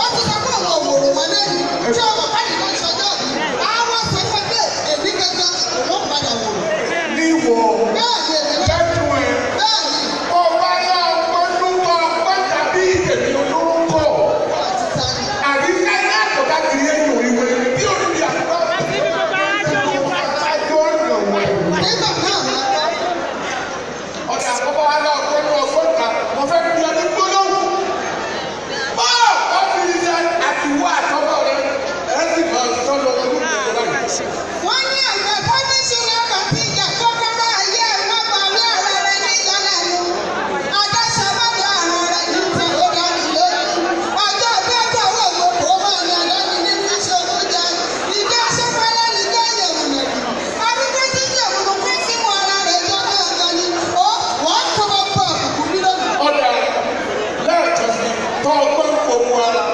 wọ́n ti sọ pé àwọn òwòrò tọ́lọ́gbọ́n òun